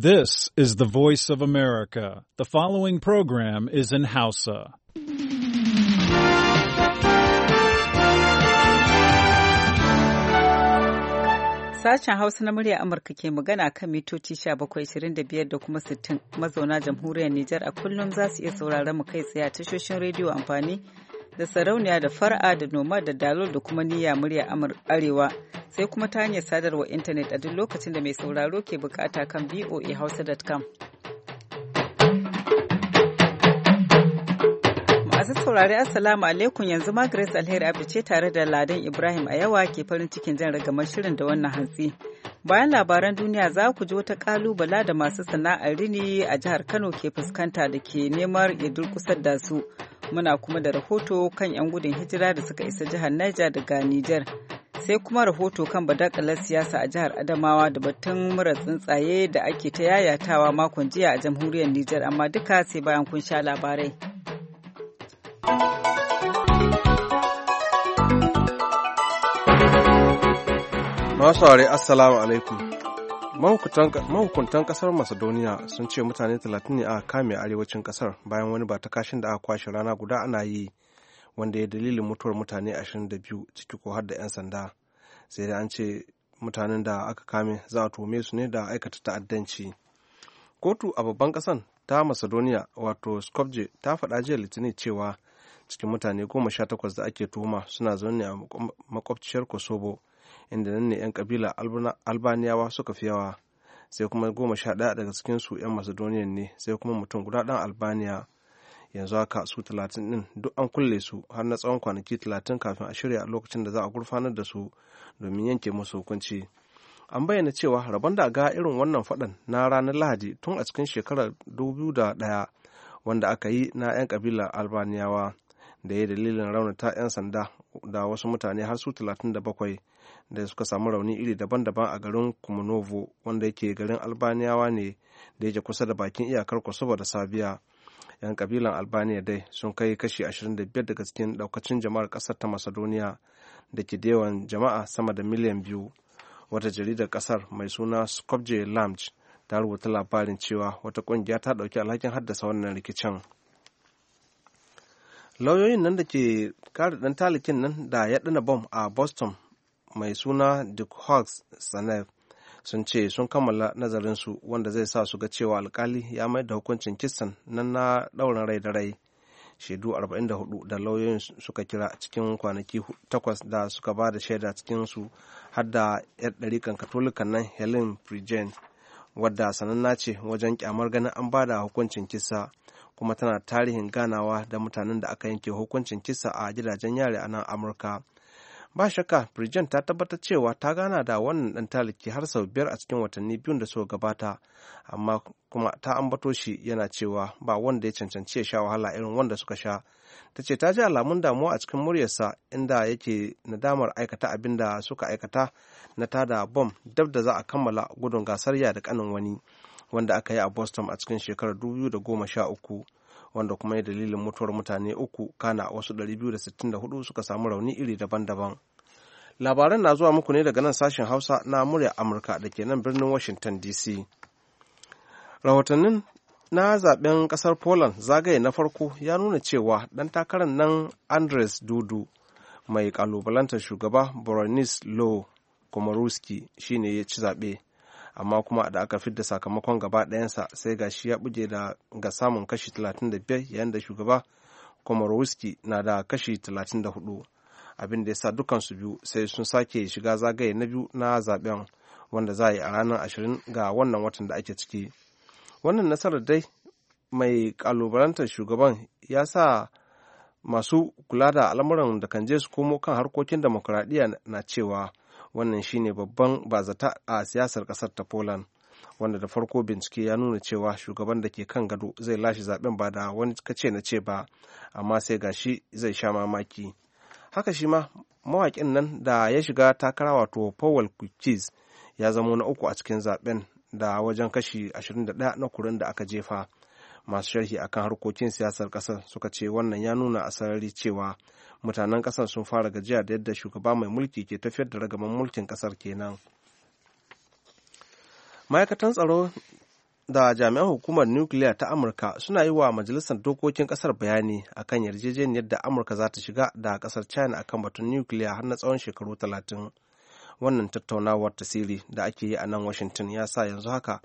This is the voice of America. The following program is in Hausa. Sashen Hausa na murya Amurka ke magana kan mitoci 1725 da kuma 60 mazauna jamhuriyar Nijar a kullum za su iya sauraron mu kai tsaye a tashoshin rediyo amfani da sarauniya da far'a da noma da dalol da kuma niyya murya arewa sai kuma ta hanyar sadarwa intanet a duk lokacin da mai sauraro ke bukata kan voahausa.com. Masu saurari Assalamu alaikum yanzu ma Grace Alheri abu ce tare da Ladan Ibrahim a yawa ke farin cikin jan ragamar shirin da wannan hantsi. Bayan labaran duniya za ku ji wata kalubala da masu sana'ar rini a jihar Kano ke fuskanta da ke neman ya durkusar da su. Muna kuma da rahoto kan 'yan gudun hijira da suka isa jihar Niger daga niger Sai kuma rahoto kan badakalar siyasa a jihar Adamawa da batun mura tsuntsaye da ake ta yayatawa makon jiya a jamhuriyar niger amma duka sai bayan kun sha labarai. Masu ware Assalamu alaikum. Mahukuntan kasar Macedonia sun ce mutane 30 ne aka kame arewacin kasar bayan wani ba ta kashin da aka kwashe rana guda ana yi wanda ya dalilin mutuwar mutane 22 ciki ko har da 'yan sanda. Sai da an ce mutanen da aka kame za a tuhume su ne da aikata ta'addanci. Kotu a babban kasan ta Macedonia wato Skopje ta faɗa jiya Litinin cewa cikin mutane goma sha takwas da ake tuhuma suna zaune a makwabciyar kosovo inda nan ne 'yan kabila albaniyawa suka fi yawa sai kuma goma sha ɗaya daga cikin su 'yan macedonian ne sai kuma mutum guda ɗan albaniya yanzu haka su talatin ɗin duk an kulle su har na tsawon kwanaki talatin kafin a shirya lokacin da za a gurfanar da su domin yanke musu hukunci an bayyana cewa rabon da ga irin wannan faɗan na ranar lahadi tun a cikin shekarar 2001 wanda aka yi na 'yan kabila albaniyawa da ya dalilin ta 'yan sanda da wasu mutane har su 37 da suka samu rauni iri daban-daban a garin kumunovo wanda yake garin albaniyawa ne da yake kusa da bakin iyakar kosovo da sabiya 'yan kabilan albaniya dai sun kai kashi 25 daga cikin daukacin jama'ar kasar ta macedonia da ke yawan jama'a sama da miliyan biyu wata jaridar kasar mai suna skopje lamj ta rubuta labarin cewa wata kungiya ta dauki alhakin haddasa wannan rikicin. lauyoyin nan da ke kare dan talikin nan da ya dana bom a boston mai suna duke hawks sanev sun ce sun kammala nazarinsu wanda zai sa su ga cewa alkali ya mai da hukuncin kisan nan na dauran rai da rai shaidu 44 da lauyoyin suka kira cikin kwanaki 8 da suka ba da shaida cikinsu har da 'yar ɗarikan katolikan nan helen prigen wadda sananna ce wajen kyamar ganin an ba da hukuncin kisa kuma tana tarihin ganawa da mutanen da aka yanke hukuncin kisa a gidajen yare a nan amurka ba shakka Bridgen ta tabbatar cewa ta gana da wannan dan taliki har sau biyar a cikin watanni biyun da suka gabata amma kuma ta ambato shi yana cewa ba wanda ya cancanci ya sha wahala irin wanda suka sha ta ce ta ji alamun damuwa a cikin muryarsa inda yake nadamar aikata abin da suka aikata na tada bom dab da za a kammala gudun gasar ya da kanin wani wanda aka yi a boston a cikin shekarar 2013 wanda kuma ya dalilin mutuwar mutane uku kana wasu 264 suka samu rauni iri daban-daban labaran na zuwa muku ne daga nan sashen hausa na murya amurka da ke nan birnin washington dc rahotannin na zaben kasar poland zagaye na farko ya nuna cewa dan takarar nan andres dudu mai kalubalantar shugaba boronis low komaruski shine ya ci zaɓe amma kuma da aka fidda sakamakon gaba ɗayansa sai ga shi ya buje da ga samun kashi 35 yayin da shugaba komorowski na da kashi 34 abin da ya sa dukansu biyu sai sun sake shiga zagaye na biyu na zaben wanda za a yi a ranar 20 ga wannan watan da ake ciki wannan nasarar dai mai kalubalantar shugaban ya sa masu kula da al'amuran da kan je su komo kan harkokin demokuraɗiyya na cewa wannan shine babban bazata a siyasar kasar ta poland wanda da farko bincike ya nuna cewa shugaban da ke kan gado zai lashe zaben ba da wani kace na ce ba amma sai gashi zai sha mamaki haka shi ma mawaƙin nan da ya shiga takara wato powell kukis ya zamo na uku a cikin zaben da wajen kashi 21 na kurin da aka jefa masu sharhi akan harkokin siyasar kasar suka ce wannan ya nuna a sarari cewa mutanen kasar sun fara gajiya da yadda shugaba mai mulki ke tafiyar da ragaman mulkin kasar kenan ma'aikatan tsaro da jami'an hukumar nukiliya ta amurka suna yi wa majalisar dokokin kasar bayani akan yarjejeniyar da amurka za ta shiga da kasar china akan batun nukiliya har na tsawon shekaru talatin wannan tattaunawar tasiri da ake yi a nan washington ya sa yanzu haka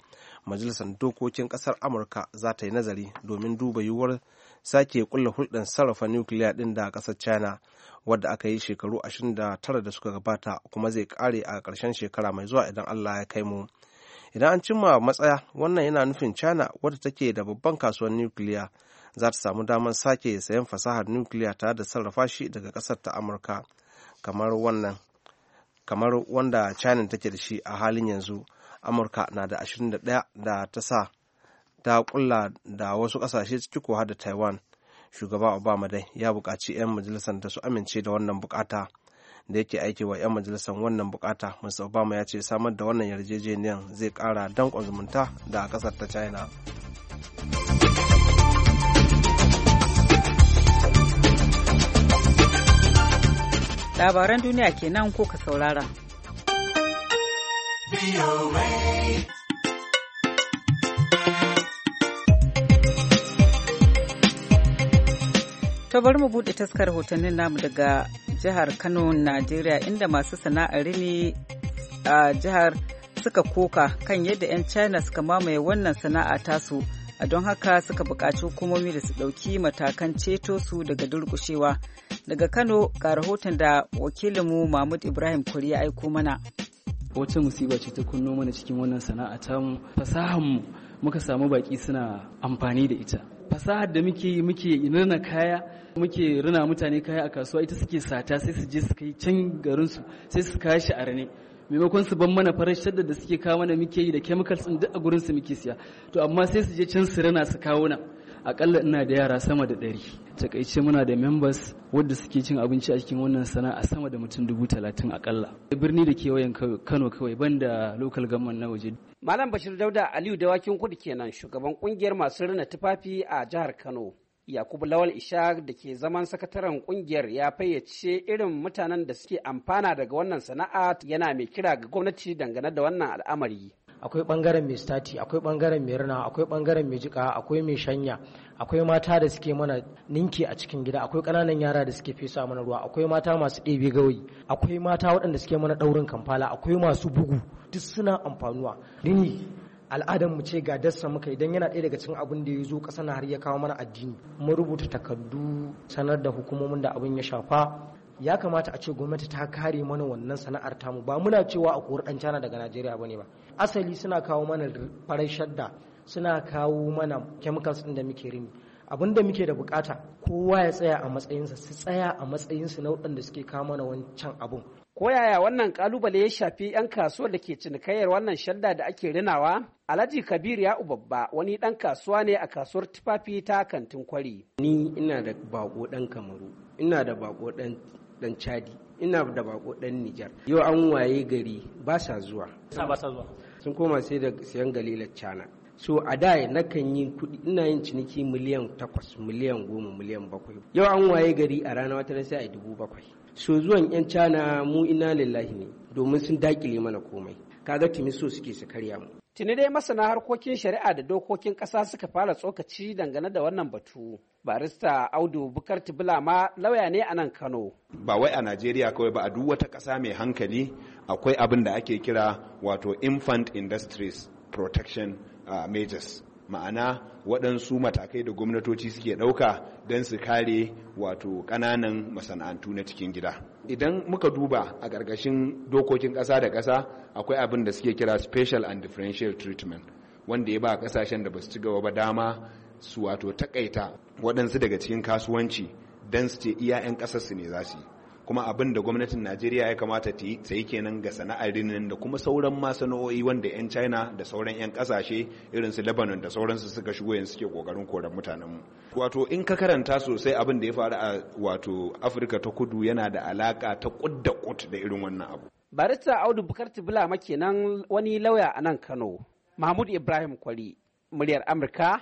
majalisar dokokin kasar amurka za ta yi nazari domin duba yiwuwar sake kulla hulɗar sarrafa nukiliya ɗin da ƙasar china wadda aka yi shekaru 29 da suka gabata kuma zai ƙare a ƙarshen shekara mai zuwa idan allah ya kai mu idan an cimma matsaya wannan yana nufin china wadda take da babban kasuwar nukiliya za ta samu damar sake sayan fasahar nukiliya tare da sarrafa shi daga ƙasar ta amurka kamar wannan kamar wanda china take da shi a halin yanzu amurka na da 21 da ta sa ta kulla da wasu kasashe ciki ko da taiwan shugaba obama dai ya buƙaci 'yan majalisar da su amince da wannan bukata da yake aiki wa 'yan majalisar wannan bukata mr obama ya ce samar da wannan yarjejeniyar zai ƙara danƙon zumunta da ƙasar ta china labaran duniya kenan ko ka saurara. To bari mu buɗe taskar hotunan namu daga jihar Kano, Najeriya inda masu sana'ar rini a jihar suka koka kan yadda 'yan China suka mamaye wannan sana'a tasu. A don haka suka buƙaci hukumomi da su ɗauki matakan ceto su daga durƙushewa. Daga Kano ga rahoton da wakilinmu Mahmud Ibrahim Kuri ya aiko mana. Wace musiba ce ta kunno mana cikin wannan sana'a tamu fasahanmu muka samu baƙi suna amfani da ita. fasahar da muke yi muke rina kaya muke rina mutane kaya a kasuwa ita suke sata sai su je su kai can garin su sai su kawo shi a rane maimakon su ban mana farar shadda da suke kawo mana muke yi da chemicals din duk a gurin su muke siya to amma sai su je can su rina su kawo nan akalla ina da yara sama da ɗari takaice muna da members wadda suke cin abinci a cikin wannan sana'a sama da mutum dubu talatin akalla birni da kewayen kano kawai banda lokal government na waje malam bashir dauda aliyu dawakin kudu kenan shugaban kungiyar masu rina tufafi a jihar kano yakubu lawal Isha da ke zaman sakataren kungiyar ya fayyace irin mutanen da suke amfana daga wannan sana'a yana mai kira ga gwamnati dangane da wannan al'amari akwai bangaren mai stati akwai bangaren mai rina akwai bangaren mai jika akwai mai shanya akwai mata da suke mana ninki a cikin gida akwai kananan yara da suke fesa mana ruwa akwai mata masu ɗebe gawayi akwai mata waɗanda suke mana ɗaurin kamfala akwai masu bugu duk suna amfanuwa rini al'adar mu ce ga dassa muka idan yana ɗaya daga cikin abin da ya zo ƙasa na har ya kawo mana addini mun rubuta takardu sanar da hukumomin da abin ya shafa ya kamata a ce gwamnati ta kare mana wannan sana'ar tamu ba muna cewa a kori dan cana daga najeriya ne ba asali suna kawo mana farai shadda suna kawo mana chemicals ɗin da muke rini abin da muke da bukata kowa ya tsaya a matsayinsa su tsaya a matsayinsu na waɗanda suke kawo mana wancan abun ko yaya wannan kalubale ya shafi 'yan kasuwar da ke cinikayyar wannan shadda da ake rinawa alhaji kabir ya ubabba wani dan kasuwa ne a kasuwar tufafi ta kantin kwari ni ina da bako dan kamaru ina da bako dan dan Chadi ina da bako dan Nijar yau an waye gari ba sa zuwa sun koma sai da sayan galilar cana so a da kan yi kuɗi ina yin ciniki miliyan takwas miliyan goma miliyan bakwai yau an waye gari a ranar wata sai a dubu bakwai so zuwan yan cana mu ina lillahi ne domin sun dakile mana komai kaga tumi so suke su karya mu tuni dai masana harkokin shari'a da dokokin ƙasa suka fara tsokaci dangane da wannan batu barista audu bukar tibula ma lauya ne a nan kano ba wai a najeriya kawai ba a duk wata ƙasa mai hankali akwai abin da ake kira wato infant industries protection uh, majors ma'ana waɗansu matakai da gwamnatoci suke ɗauka don su kare wato ƙananan masana'antu na cikin gida idan muka duba a ƙarƙashin dokokin ƙasa da ƙasa akwai abin da suke kira special and differential treatment wanda ya ba ƙasashen da ba su ci gaba ba dama su wato takaita waɗansu daga cikin kasuwanci don su ce iya 'yan ƙasarsu ne za su yi kuma abin da gwamnatin najeriya ya kamata ta yi sai kenan ga sana'ar nan da kuma sauran masana'o'i wanda 'yan china da sauran 'yan kasashe irin su lebanon da sauransu suka shigo yanzu suke kokarin koran mutanenmu wato in ka karanta sosai abin da ya faru a wato afirka ta kudu yana da alaka ta kud da kut da irin wannan abu barista audu bukar tibila kenan wani lauya a nan kano mahmud ibrahim kwari muryar amurka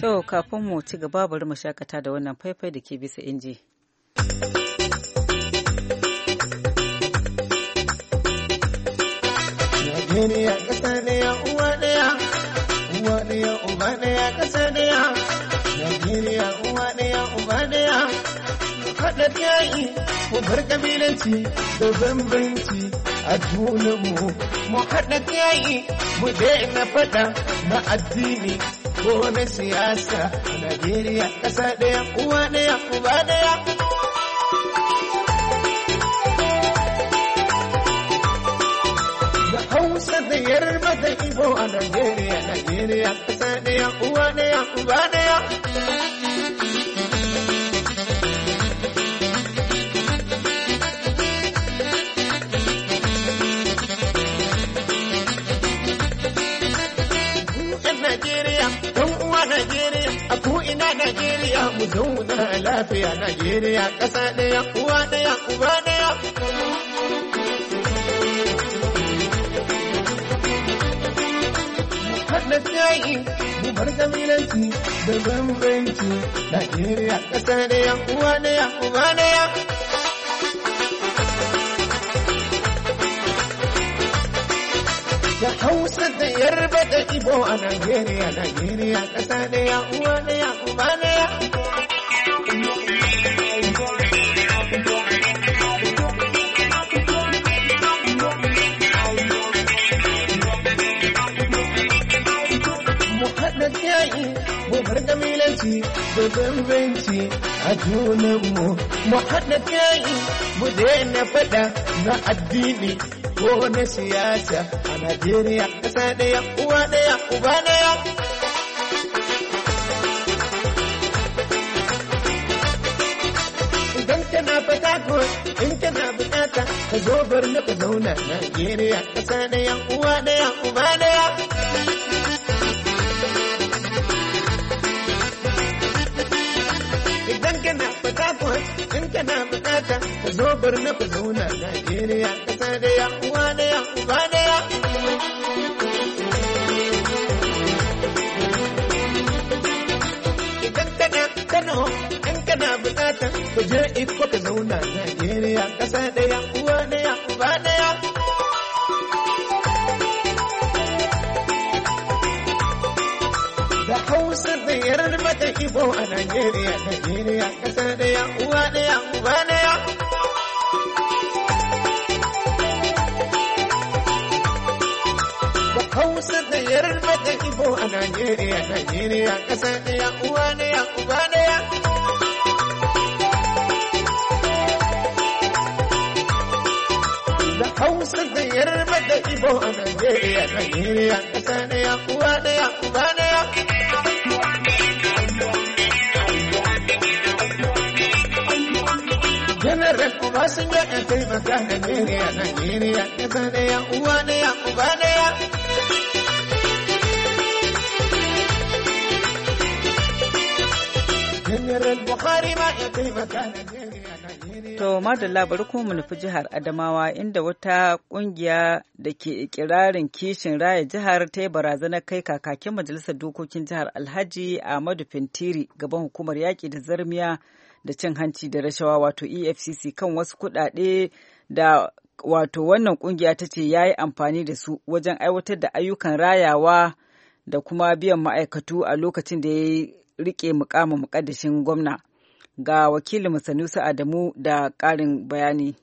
To kafin mu ci gaba bari mu shakata da wannan faifai da ke bisa inji. Najeriya ƙasa ɗaya uwa ɗaya, uwa ɗaya uba ɗaya ƙasa ɗaya. Najeriya uwa ɗaya uba ɗaya. Haɗa yayi mu bar ƙabilanci da bambanci a junanmu. Mu haɗa yayi mu daina faɗa na addini ko na siyasa Najeriya ƙasa ɗaya uwa ɗaya uba ɗaya. Da Hausa da Yarba da Ibo a Najeriya, Najeriya ƙasa ɗaya uwa ɗaya uba ɗaya. Najeriya, ɗan uwa Najeriya, a ina Najeriya, mu zauna lafiya Najeriya, ƙasa ɗaya, uwa ɗaya, uba ɗaya. Haɗa tsayi, mu bar kabilanci da bambanci, Najeriya, ƙasa ɗaya, uwa ɗaya, uba ɗaya. da hausa da yarba da ibo a Najeriya, Najeriya ƙasa ɗaya uwa ɗaya uba Mu haɗa yayi, mu bar da milanci da a junanmu. Mu haɗa yayi, mu daina faɗa na addini ko na siyasa a Najeriya ƙasa ɗaya uwa ɗaya uba ɗaya. Idan kana fata ko in kana bukata ka zo bar na ka zauna Najeriya ƙasa ɗaya uwa ɗaya uba ɗaya. idan na bukata ka zo birni ku zauna Najeriya kasa da ya uwa da ya uba da ya. Idan na Kano idan na bukata ku je iko ka zauna Najeriya kasa da ya uwa da ya uba da ya. Da Hausa da Yarba Ibo a Najeriya, Najeriya uwa uba Da Hausa da Yarba da Ibo a Najeriya, Najeriya uwa uba Hausa da Yarba da Ibo a Najeriya, Najeriya ƙasa uwa uba sharrin uba sun yi a taimaka Najeriya, Najeriya, ƙasa ɗaya, uwa ɗaya, uba ɗaya. General Buhari ma ya taimaka Najeriya. To madalla bari kuma mu nufi jihar Adamawa inda wata kungiya da ke ikirarin kishin raya jihar ta yi barazanar kai kakakin majalisar dokokin jihar Alhaji Ahmadu Fintiri gaban hukumar yaƙi da zarmiya da cin hanci da rashawa wato EFCC kan wasu kuɗaɗe da wato wannan kungiya ta ce ya yi amfani da su wajen aiwatar da ayyukan rayawa da kuma biyan ma'aikatu a lokacin da ya rike mukamin muƙaddashin gwamna. ga wakilin Sanusi Adamu da ƙarin bayani.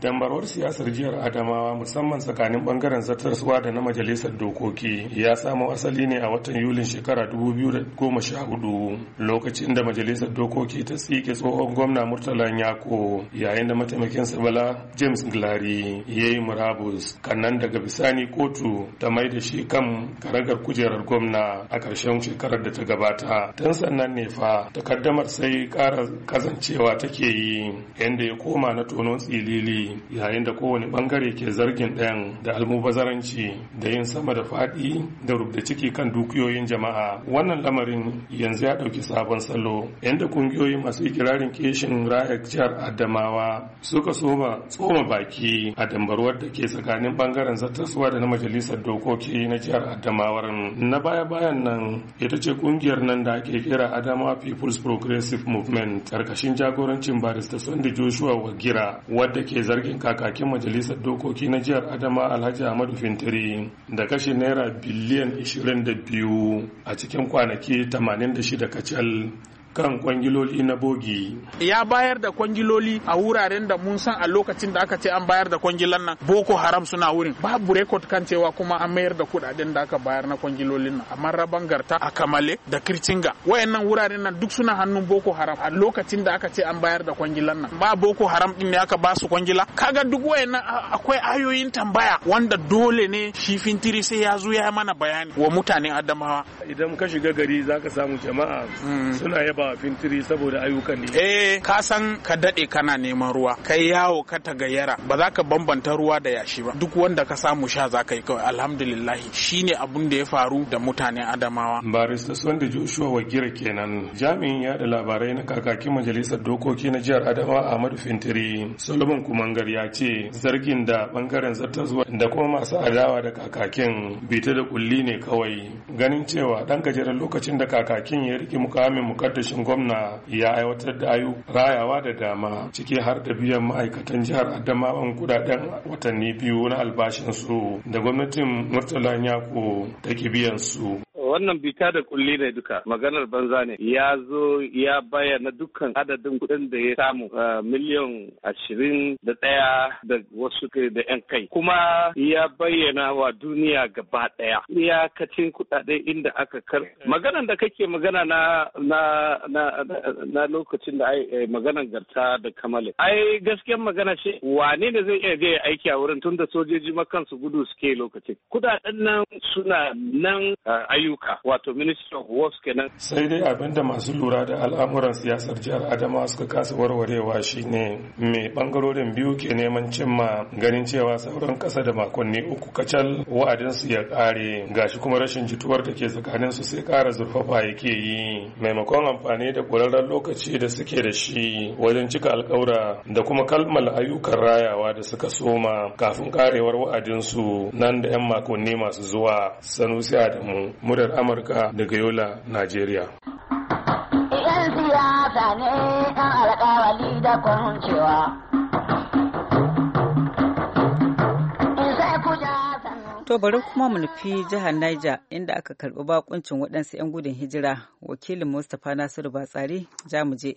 dambarwar siyasar jihar adamawa musamman tsakanin bangaren zartarsuwa da na majalisar dokoki ya samo asali ne a watan yulin shekara 2014 lokacin da majalisar dokoki ta tsike tsohon gwamna murtala yako yayin da mataimakin sabala james glari ya yi murabus kannan daga bisani kotu ta mai da shi kan karagar kujerar gwamna a karshen shekarar da ta gabata tun sannan ne fa takaddamar sai kara kazancewa take yi yadda ya koma na tonon tsilili iri yayin da kowane bangare ke zargin ɗayan da almubazaranci da yin sama da faɗi da rubda ciki kan dukiyoyin jama'a wannan lamarin yanzu ya ɗauki sabon salo yadda kungiyoyi masu ikirarin kishin raya jihar adamawa suka soma tsoma baki a dambarwar da ke tsakanin bangaren zattaswa da na majalisar dokoki na jihar adamawar na baya-bayan nan ita ce kungiyar nan da ake kira adamawa people's progressive movement karkashin jagorancin barista sunday joshua wagira wadda ke ke zargin kakakin majalisar dokoki na jihar adama alhaji ahmadu fintiri da kashe naira biliyan 22 a cikin kwanaki 86 kacal kan kwangiloli na bogi. Ya bayar da kwangiloli a wuraren da mun san a lokacin da aka ce an bayar da kwangilan nan Boko Haram suna wurin. Babu rekod kan cewa kuma an mayar da kudaden da aka bayar na kwangilolin nan. Amma raban garta a Kamale da Kirtinga. Wayannan wuraren nan duk suna hannun Boko Haram a lokacin da aka ce an bayar da kwangilan nan. Ba Boko Haram din ne aka ba su kwangila. Kaga duk wayannan akwai ayoyin tambaya wanda dole ne shi fintiri sai ya zo ya mana bayani wa mutanen Adamawa. Idan ka shiga gari zaka samu jama'a mm. suna ba fintiri saboda ayyukan ne eh ka san ka dade kana neman ruwa kai yawo ka tagayyara ba za ka bambanta ruwa da yashi ba duk wanda ka samu sha za ka yi kawai alhamdulillah shine abun da ya faru da mutanen adamawa barista da joshua wagira kenan jami'in yada labarai na kakakin majalisar dokoki na jihar adamawa ahmadu fintiri solomon kumangar ya ce zargin da bangaren zuwa da kuma masu adawa da kakakin bita da kulli ne kawai ganin cewa dan gajeren lokacin da kakakin ya rike mukamin mukaddashi ofishin gwamna ya aiwatar da ayu rayawa da dama ciki har da biyan ma'aikatan jihar adamawan kudaden watanni biyu na albashinsu da gwamnatin murtala yako take biyan su wannan bita da kulli ne duka maganar banza ne ya zo ya bayyana dukkan adadin kuɗin da ya samu miliyan ashirin da ɗaya da wasu da yan kai kuma ya bayyana wa duniya gaba ɗaya iyakacin kuɗaɗe inda aka kar maganar da kake magana na na na lokacin da ai eh, maganar garta da kamale ai gaskiyar magana ce wane ne zai iya je aiki a wurin tunda sojoji makansu gudu suke lokacin kuɗaɗen nan suna nan ayyuka ayyuka wato ministry of works kenan sai dai abinda masu lura da al'amuran siyasar jihar adamawa suka kasa warwarewa shine mai bangarorin biyu ke neman cimma ganin cewa sauran kasa da makonni uku kacal wa'adinsu ya kare gashi kuma rashin jituwar da ke tsakanin su sai kara zurfafa yake yi maimakon amfani da ƙwararren lokaci da suke da shi wajen cika alƙawura da kuma kalmal ayyukan rayawa da suka soma kafin karewar wa'adinsu nan da 'yan makonni masu zuwa sanusi adamu da muryar amurka daga yola najeriya yan To bari kuma mu nufi jihar Niger inda aka karɓi bakuncin waɗansu 'yan gudun hijira wakilin Mustapha Nasiru Batsari jamuje.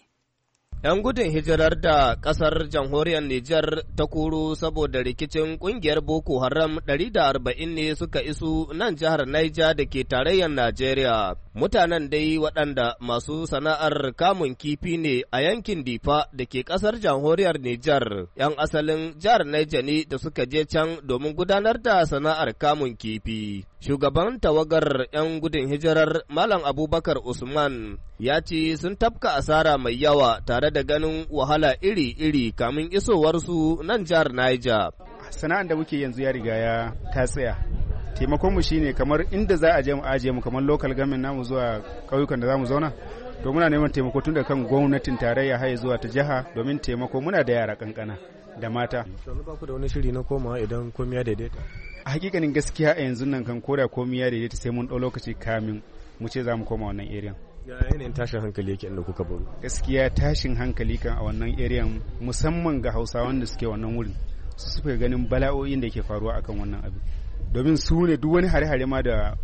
'Yan gudun hijirar da ƙasar jamhuriyar Nijar ta kuru saboda rikicin ƙungiyar Boko Haram 140 ne suka isu nan jihar Naija da ke tarayyar Najeriya. Mutanen dai waɗanda masu sana'ar kamun kifi ne a yankin Difa da ke ƙasar jamhuriyar Nijar, 'yan asalin jihar Naija ne da suka je can domin gudanar da sana'ar kamun kifi. Shugaban tawagar 'yan gudun hijirar Malam Abubakar Usman ya ce sun tafka asara mai yawa tare da ganin wahala iri-iri kamin isowarsu nan jihar Niger. Sana'an da muke yanzu ya riga ya ta tsaya. Taimakonmu shine kamar inda za a je mu aje mu kamar local government namu zuwa kauyukan da za mu zauna to muna neman taimako tun da kan gwamnatin tarayya haye zuwa ta jiha domin taimako muna da yara kankana da mata ku da wani shiri na idan komiya daidaita a hakikanin gaskiya a yanzu nan kan koda komiya daidaita sai mun ɗau lokaci kamin mu ce za mu koma wannan area ya yanayin tashin hankali yake inda kuka baro gaskiya tashin hankali kan a wannan area musamman ga hausawan da suke wannan wurin su suka ganin bala'o'in da ke faruwa akan wannan abin domin su ne duk wani hare-hare ma da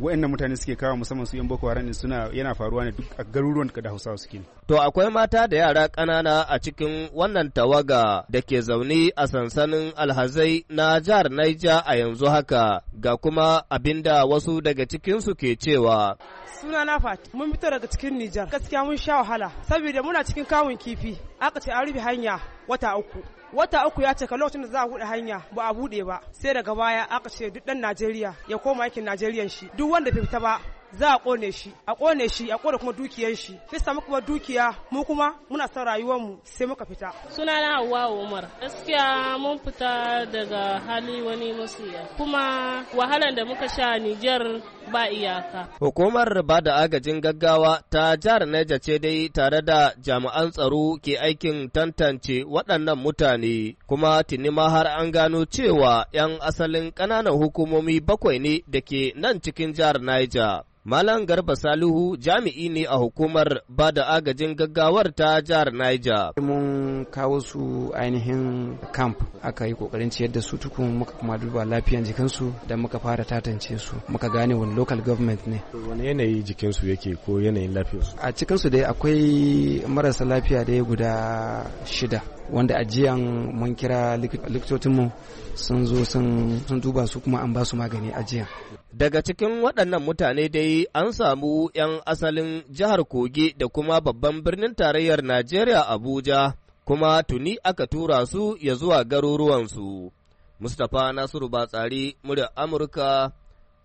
wa'annan mutane suke kawo musamman su yan boko haram suna yana faruwa ne duk a garuruwan da hausawa suke to akwai mata da yara ƙanana a cikin wannan tawaga da ke zaune a sansanin alhazai na jihar naija a yanzu haka ga kuma abinda wasu daga cikin su ke cewa suna na fati mun fito daga cikin nijar gaskiya mun sha wahala saboda muna cikin kawun kifi aka ce an rufe hanya wata uku wata uku ya ka lokacin da za a buɗe hanya ba a buɗe ba sai daga baya aka ce duk ɗan najeriya ya koma aikin najeriyan shi duk wanda bai fita ba za a kone shi a kone shi a kone kuma dukiyar shi sai samu kuma dukiya mu kuma muna son rayuwar mu sai muka fita Suna na Hawwa Umar gaskiya mun fita daga hali wani musiya kuma wahalan da muka sha Nijar ba iyaka hukumar ba da agajin gaggawa ta jihar Niger ce dai tare da jami'an tsaro ke aikin tantance waɗannan mutane kuma tuni ma har an gano cewa 'yan asalin ƙananan hukumomi bakwai ne da ke nan cikin jihar Niger Malam Garba Salihu jami'i ne a hukumar ba da agajin gaggawar ta jihar Niger. Mun kawo su ainihin camp aka yi kokarin ciyar da su tukun muka kuma duba lafiyan jikinsu da muka fara tatance su muka gane wani local government ne. Wani yanayi jikinsu yake ko yanayin lafiyarsu? A cikinsu dai akwai marasa lafiya dai guda shida wanda ajiyan mun kira likitocinmu sun zo sun duba su kuma an ba su magani ajiyan. Daga cikin waɗannan mutane dai dai an samu 'yan asalin jihar Kogi da kuma babban birnin tarayyar Najeriya Abuja, kuma tuni aka tura su ya zuwa garuruwansu. Mustapha Nasiru Batsari, murya Amurka,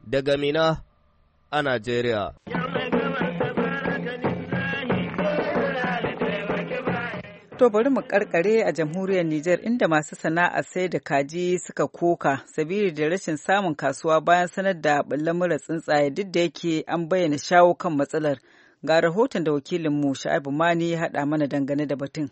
daga Mina a Najeriya. To bari mu karkare a jamhuriyar Nijar inda masu sana'a sai da kaji suka koka sabili da rashin samun kasuwa bayan sanar da mura tsuntsaye duk da yake an bayyana shawo kan matsalar. Ga rahoton da wakilinmu Sha'ibu Mani ya haɗa mana dangane da batun.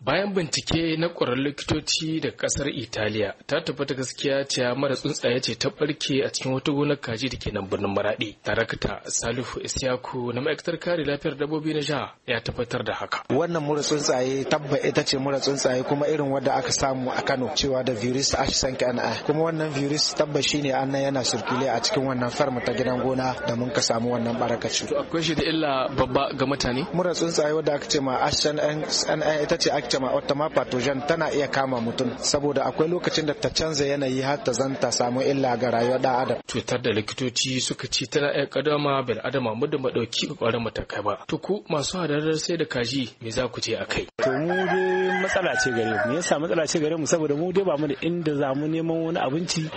bayan bincike na ƙwararrun likitoci da ƙasar italiya ta tabbata gaskiya ce mara tsuntsaye ce ta barke a cikin wata gonar kaji da ke nan birnin maraɗi tarakta salihu isyaku na ma'aikatar kare lafiyar dabbobi na jiha ya tabbatar da haka wannan mura tsuntsaye tabba ita ce mura tsuntsaye kuma irin wadda aka samu a kano cewa da virus h sanke kuma wannan virus tabba shine annan yana sirkule a cikin wannan farma ta gidan gona da mun ka samu wannan barakaci akwai shi da illa babba ga mutane mura tsuntsaye wadda aka ce ma h ita ce wacce ma wata ma pathogen tana iya kama mutum saboda akwai lokacin da ta canza yanayi har ta zanta samu illa ga rayuwar da adam cutar da likitoci suka ci tana iya kadama bil adama muddin ba dauki kokarin matakai ba to ku masu hadarar sai da kaji me za ku ce akai to mu dai matsala ce gare mu yasa matsala ce gare mu saboda mu dai ba mu da inda za mu neman wani abinci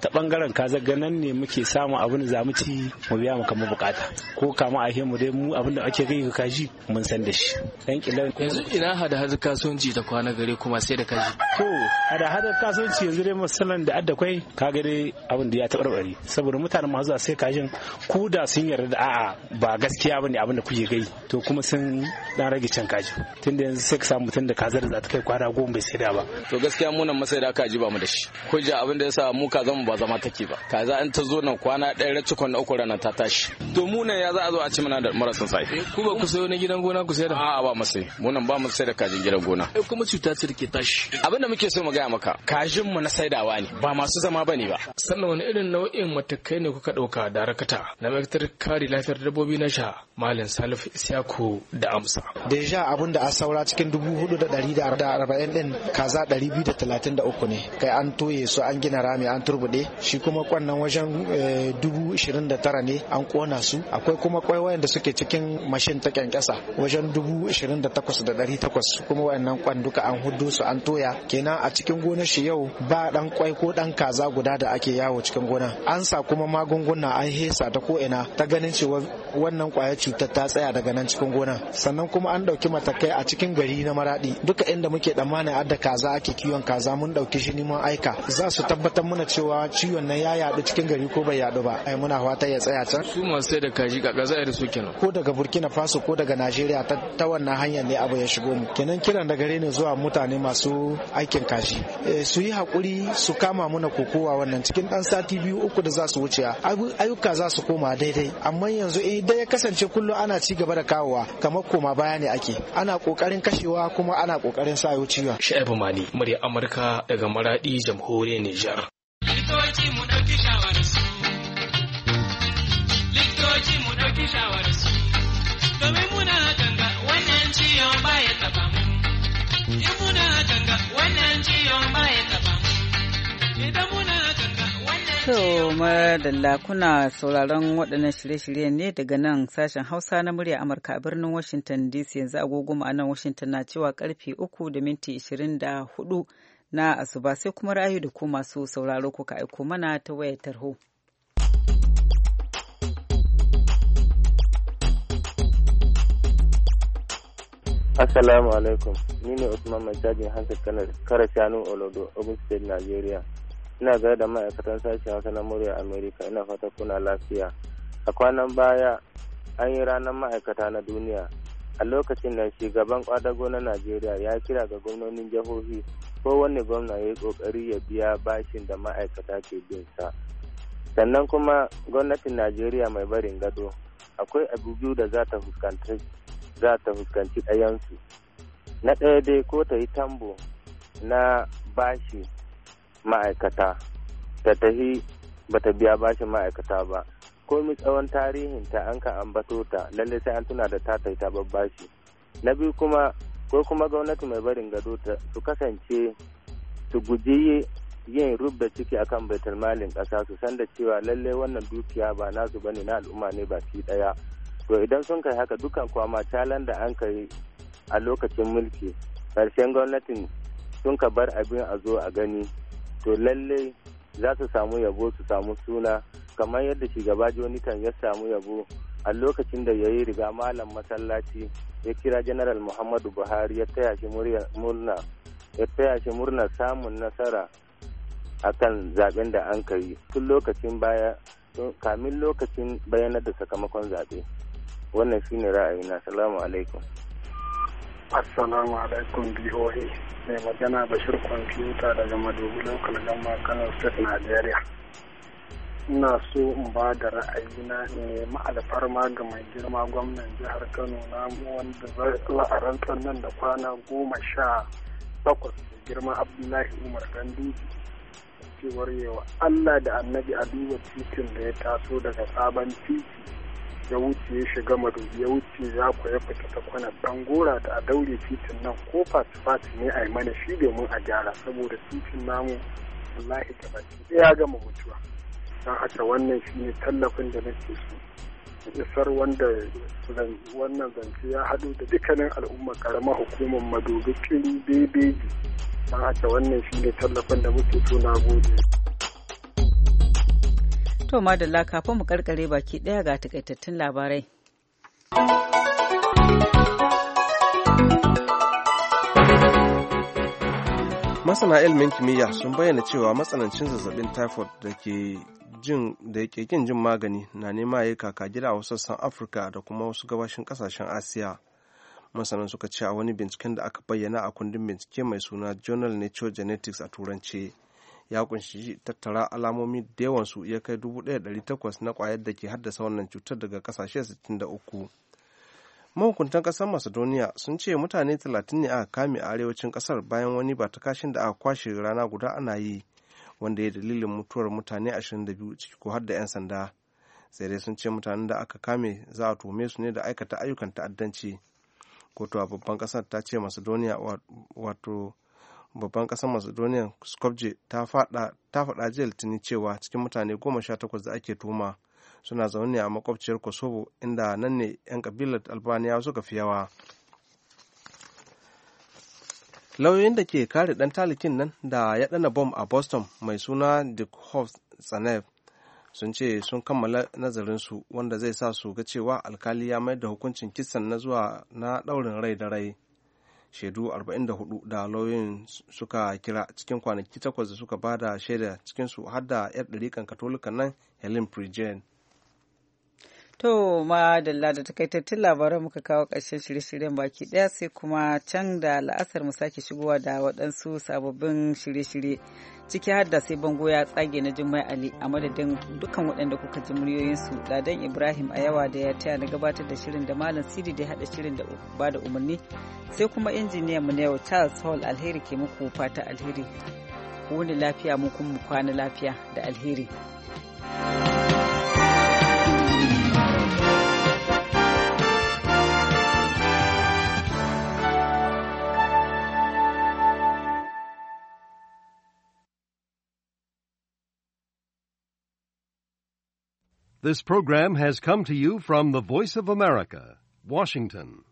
ta bangaren kaza ganan ne muke samu abin za mu ci mu biya mu kamar bukata ko kama a mu dai mu abin da ake kai kaji mun san da shi dan yanzu ina hada kasuwanci ta kwana gare kuma sai da kaji ko hada hada kasuwanci yanzu dai musallan da adda kwai ga dai abin da ya tabarbare saboda mutanen masu sai kajin ku da sun yarda da a'a ba gaskiya bane abin da kuke gai to kuma sun dan rage can kaji tunda yanzu sai ka samu mutum da kazar da za ta kai kwana goma bai saida ba to gaskiya masai masaida kaji ba mu da shi hujja abin da yasa mu kaza mu ba zama take ba kaza an ta zo nan kwana ɗaya racikon na uku ranar ta tashi to mu nan ya za a zo a ci mana da marasan sai eh, ku ba ku sayo na gidan gona ku sayar da a'a ba mu sai mu nan ba mu sai da kajin gidan gona ai kuma cuta ce take tashi da muke so mu gaya maka kajin mu na saidawa ne ba masu zama bane ba sannan wani irin nau'in matakai ne kuka dauka da rakata na ma'aikatar kare lafiyar dabbobi na sha malam salif isyaku da amsa deja abin da a saura cikin dubu hudu da dari da arba'in din kaza dari biyu da talatin da uku ne kai an toye su an gina rami an turbude shi kuma kwannan wajen eh, dubu ishirin da tara ne an kona su akwai kuma kwaiwayen da suke cikin mashin ta kyankyasa wajen dubu ishirin da takwas da dari takwas kuma kuma wannan kwan duka an hudu su an toya kenan a cikin gonar shi yau ba dan kwai ko dan kaza guda da ake yawo cikin gona an sa kuma magunguna an hesa ta ko ina ta ganin cewa wannan kwaya cutar ta tsaya daga nan cikin gona sannan kuma an dauki matakai a cikin gari na maradi duka inda muke tsammanin adda kaza ake kiwon kaza mun dauki shi ni mun aika za su tabbatar mana cewa ciwon nan ya yadu cikin gari ko bai yadu ba ai muna fata ya tsaya can su masu sai da kaji kaka za su kenan ko daga burkina faso ko daga najeriya ta wannan hanyar ne abu ya shigo mu kenan kiran da gare ni zuwa mutane masu aikin kashi eh, su yi hakuri su kama muna kokowa wannan cikin dan sati biyu uku da za su wuce ayyuka za su koma daidai amma yanzu eh, idan ya kasance kullum ana ci gaba da kawowa kamar koma baya ne ake ana kokarin kashewa kuma ana kokarin sa wucewa Sha'ibu Mali murya Amurka daga Maradi jamhuriyar Nijar Likitoci mu dauki shawararsu mu domin muna ganga wannan ciyon baya in kuna sauraron waɗannan shirye-shiryen ne daga nan sashen hausa na murya amurka a birnin washington dc yanzu agogo a nan washington na cewa karfe uku da minti 24 na asuba sai kuma ra'ayi da ku masu sauraro kuka aiko mana ta wayar tarho. Assalamu alaikum. Ni ne Usman mai cajin kanar kara shanu Olodo, Ogun State, Nigeria. Ina gaya da ma'aikatan sashen Hausa na murya Amerika, ina fata kuna lafiya. A kwanan baya, an yi ranar ma'aikata na duniya. A lokacin da shugaban kwadago na Najeriya ya kira ga gwamnonin jihohi kowane gwamna ya yi kokari ya biya bashin da ma'aikata ke bin sa. Sannan kuma gwamnatin Najeriya mai barin gado akwai abu biyu da za ta fuskanci za ta fuskanci ɗayansu na ɗaya dai ko ta yi tambo na bashi ma'aikata ta tahi ta biya bashi ma'aikata ba ko komi tsawon tarihin ta an ka ambato ta lalle sai an tuna da ta ta ta bashi na biyu kuma ko kuma gwamnati mai barin gado ta su kasance su guji yin rubda ciki akan baitul malin ƙasa su san da cewa lallai wannan dukiya ba nasu ne na al'umma ne ba baki ɗaya to idan sun kai haka duka kwama talan da an kai a lokacin mulki karshen gwamnatin sun ka bar abin a zo a gani to lalle za su samu yabo su samu suna kamar yadda shugaba kan ya samu yabo a lokacin da ya yi riga malam masallaci ya kira general muhammadu buhari ya taya shi murna ya taya shi murna samun nasara akan zaben da an kai tun lokacin baya kamin lokacin bayanar da sakamakon zaɓe. wannan shine ra'ayina salamu alaikum assalamu alaikum boa mai magana bashir kwamfuta daga madogu lokal gama kano state nigeria ina so in ba da ra'ayina ma'alfar alfarma ga mai girma gwamnan jihar kano na wanda za a da kwana goma sha takwas girma abdullahi umar ganduji cewar yawa allah da annabi a duba titin da ya taso daga sabon titi ya wuce ya shiga madu ya wuce ya koya fita ta kwana dan da a daure titin nan ko fati ne a yi mana shi domin a gyara saboda titin namu wallahi ta baki ya gama mutuwa don haka wannan shi ne tallafin da nake so isar wanda wannan zance ya haɗu da dukkanin al'ummar karamar hukumar madobi kiri bebeji don haka wannan shi ne tallafin da muke so na gode. To madalla kafin mu karkare baki ɗaya ga takaitattun labarai. masana ilimin kimiyya sun bayyana cewa matsanancin zazzabin typhoid da ke jin da yake kin jin magani na nema ya kaka gida a wasu sassan afirka da kuma wasu gabashin kasashen asiya masanan suka ce a wani binciken da aka bayyana a kundin bincike mai suna journal nature genetics a turanci ya kunshi tattara alamomi da su ya kai 1,800 na kwayar da ke haddasa wannan cutar daga kasashe 63 mahukuntan kasar macedonia sun ce mutane 30 ne aka kame a arewacin kasar bayan wani ba ta kashin da aka kwashe rana guda ana yi wanda ya dalilin mutuwar mutane 22 ciki ko har da 'yan sanda sai dai sun ce mutanen da aka kame za a tuhume su ne da aikata ayyukan ta'addanci kotu a babban kasar ta ce macedonia wato babban ƙasar macedonia skopje ta faɗa jiya litinin cewa cikin mutane goma sha takwas da ake tuma suna zaune a makwabciyar kosovo inda nan ne 'yan kabilar albania suka fi yawa lauyoyin da ke kare dan talikin nan da ya dana bom a boston mai suna dick hoff sun ce sun kammala nazarinsu wanda zai sa su ga cewa alkali ya mayar da hukuncin kisan na zuwa na daurin rai da rai shaidu 44 da lauyoyin suka kira cikin kwanaki takwas da suka bada shaida cikinsu har da 'yar ɗarikan katolika nan helen prijen To madalla da takaitattun labaran muka kawo ƙarshen shirye-shiryen baki ɗaya sai kuma can da la'asar mu sake shigowa da waɗansu sababbin shirye-shirye ciki har da sai bango ya tsage na Jummai Ali a madadin dukkan waɗanda kuka ji muryoyinsu Ladan Ibrahim a yawa da ya taya na gabatar da shirin da Malam Sidi da haɗa shirin da ba da umarni sai kuma injiniyan mu na yau charles hall alheri ke muku fata alheri lafiya mu kuma kwana lafiya da alheri This program has come to you from the Voice of America, Washington.